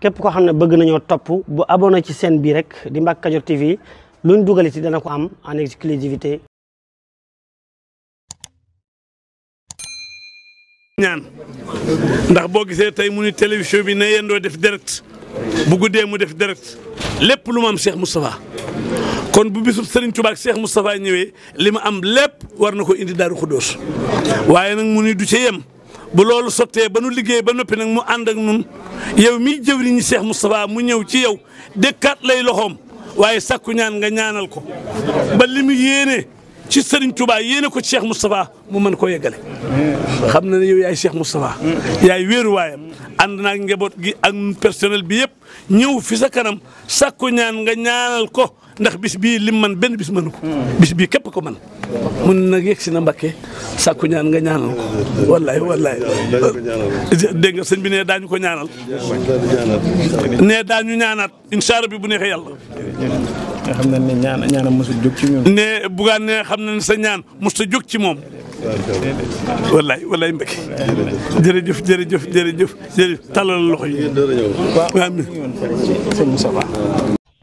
képp koo xam ne bëgg nañoo topp bu abonné ci chaîne bii rek di Mbacke Kadior TV luñ dugal ci dana ko am en exclusivité ñaan ndax boo gisee tey mu ni télévision bi na yendoo def direct bu guddee mu def direct lépp lu ma am Cheikh Moustapha kon bu bisub Serigne Touba ak Cheikh Moustapha ñëwee li ma am lépp war na ko indi Daaru Xudóos waaye nag mu ni du ca yem bu loolu sottee ba nu liggéey ba noppi nag mu àndak ak nun yow mii jëwriñu Cheikh Moustapha mu ñëw ci yow dëkkaat lay loxoom waaye sakku ñaan nga ñaanal ko ba li mu ci Serigne Touba yéene ko Cheikh Moustapha mu mën ko yeggale. xam na ne yow yaay Cheikh Moustapha. yaay wéeruwaayam ànd naag njaboot gi ak personnel bi yëpp ñëw fi sa kanam sakku nga ñaanal ko. ndax bis bii lim man benn bis mënu ko bis bii képp ko man mun nag yegg si na Mbakke sàkku ñaan nga ñaanal ko wallaay wallaay dégg nga sëñ bi ne daañu ko ñaanal ne daañu ñaanaat incha rabbi bu neexee yàlla nga xam ne ne ñaan ñaanam mosul jóg ci ñun ne bugaan ne xam ne sa ñaan mosul jóg ci moom wallaay wallaay Mbacke jërëjëf jërëjëf jërëjëf jërëjëf talal loxo yi waaw